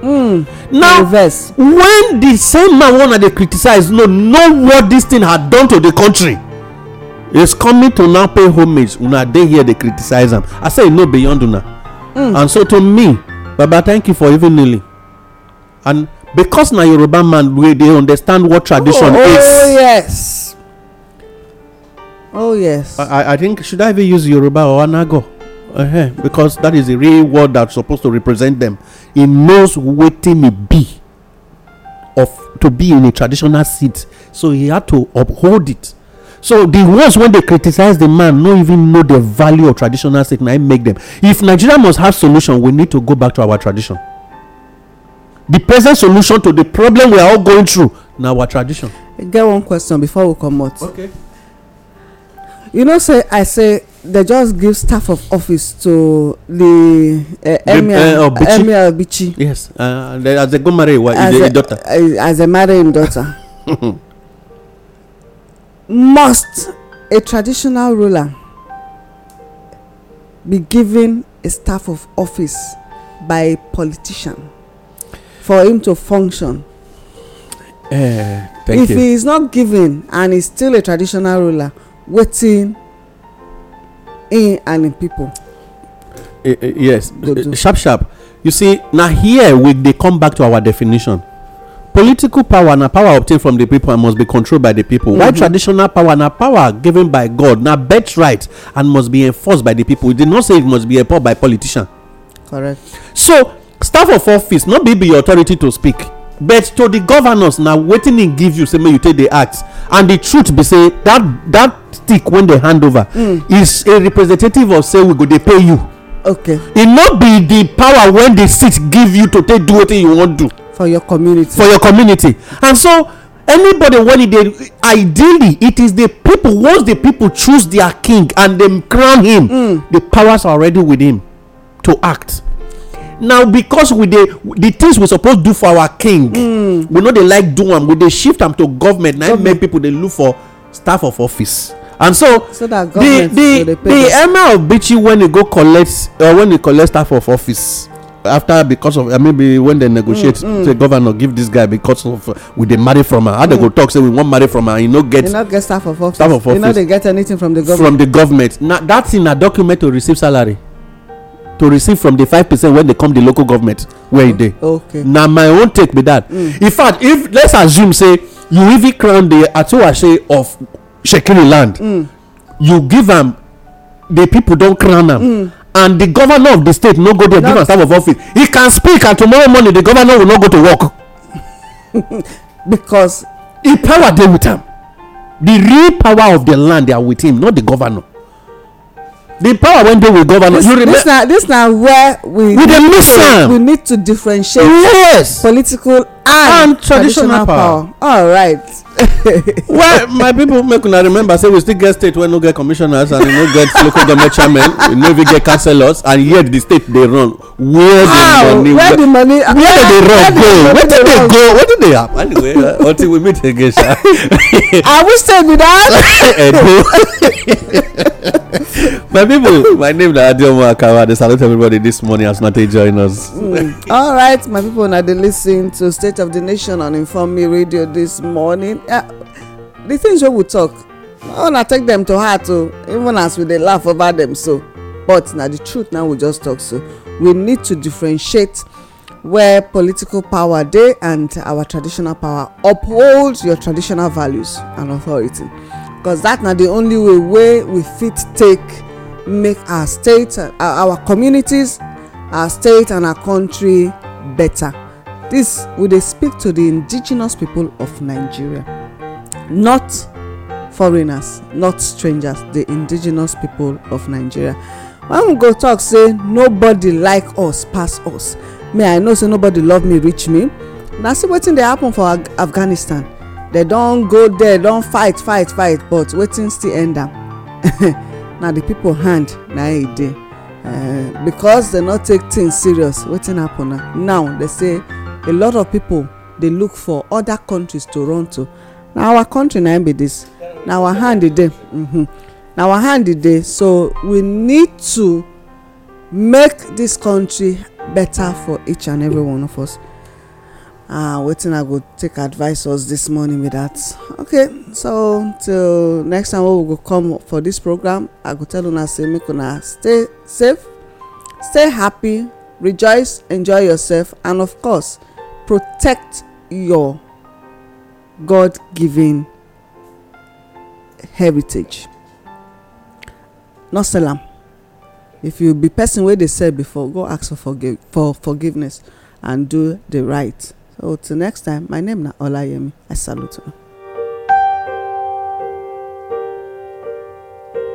[SPEAKER 3] Hmm. now when the same man wanna dey criticise no know what this thing had done to the country is coming to now pay homage una dey here dey criticize am i say no beyond una hmm. and so to me baba thank you for even kneeling and because na yoruba man wey dey understand what tradition oh, is
[SPEAKER 2] oh yes oh yes
[SPEAKER 3] i i think should i even use yoruba or anago uh-huh, because that is the real word that's supposed to represent them he knows wetin may be of to be in a traditional seat so he had to uphold it so the ones when they criticize the man no even know the value of traditional seat na im make them if nigeria must have solution we need to go back to our tradition the present solution to the problem we are all going through na our tradition.
[SPEAKER 2] i get one question before we comot. okay. you know say i say they just give staff of office to the uh, emir uh, emir
[SPEAKER 3] Obichi. yes uh, they, as they go marry wa eh, as a daughter.
[SPEAKER 2] as they marry him daughter. must a traditional ruler be given a staff of office by a politician for him to function.
[SPEAKER 3] Uh, thank if you. he
[SPEAKER 2] is not given and he is still a traditional ruler wetin in and in pipo
[SPEAKER 3] eh, eh, yes eh, sharp sharp you see na here we dey come back to our definition political power na power obtained from the people and must be controlled by di pipo while mm-hmm. traditional power na power given by god na right and must be enforced by the people. we dey not say it must be enforced by politician
[SPEAKER 2] correct so
[SPEAKER 3] staff of office not be be authority to speak but to the governors na wetin e give you say make you take the act and the truth be say that tick when they hand over mm. is a representative of say we go dey pay you okay e no be the power wey di seat give you to take do wetin you wan do for your community for your community and so anybody when dey ideally it is the people once the people choose their king and dem crown him mm. the powers are already with him to act now because we dey the things we suppose do for our king mm. we no dey like do am we dey shift am to government na im make people dey look for staff of office and so
[SPEAKER 2] so the the the
[SPEAKER 3] emir of bichi when he go collect uh, when he collect staff of office after because of uh, maybe when they negotiate mm, mm. say governor give this guy because of uh, we dey marry from her how mm. they go talk say we wan marry from her he no get he no
[SPEAKER 2] get staff of office staff of office he no dey get anything from the government from
[SPEAKER 3] the government na that thing na document to receive salary to receive from the five percent when they come the local government where e dey okay na my own take be that mm. in fact if let's assume say you even crown the atuwase of shekiri land you give am the people don crown am and the governor of the state no go there give am staff of office he can speak and tomorrow morning the governor will no go to work because e power dey with am the real power of the land are with him not the governor the power wey dey with governors you remember this na
[SPEAKER 2] this na where we we dey miss am we need to differentiate yes political and, and traditional, traditional power. power all right.
[SPEAKER 3] well my people make una remember say we still get state wey no get commissioners and we no get local government chairmen we no even get councillors and yet the state dey run where the money where, where
[SPEAKER 2] money where, where they dey run go wetin dey go
[SPEAKER 3] wetin dey happen anyway uh, until we meet again sha.
[SPEAKER 2] i wish say be that.
[SPEAKER 3] My people, my name is Adiomo Akawa. They salute everybody this morning as Nate join us.
[SPEAKER 2] Mm. All right, my people, now they listen to State of the Nation on Inform Me Radio this morning. Uh, the things we will talk, I want to take them to heart, too, oh, even as we they laugh over them. So, but now the truth now we just talk. So, we need to differentiate where political power dey and our traditional power uphold your traditional values and authority because that na the only way wey we fit take make our state uh, our communities our state and our country better this we dey speak to the indigenous people of nigeria not foreigners not strangers the indigenous people of nigeria when we go talk say nobody like us pass us May i know say nobody love me reach me na see wetin dey happen for afghanistan dem don go there don fight fight fight but wetin still end am na the people hand na e dey because dem no take things serious wetin happen na now dey say a lot of people dey look for other countries to run to na our country na be this. na our hand e dey na our hand e dey so we need to make this country better for each and every one of us Ah, wetin i go take advise us this morning be that? okay so till next time we go come for this program i go tell una say make una stay safe stay happy rejoice enjoy yourself and of course protect your god given heritage No sell am if you be person wey dey sell before go ask for forgiveness and do the right Until next time, my name na Olayemi. I salute you.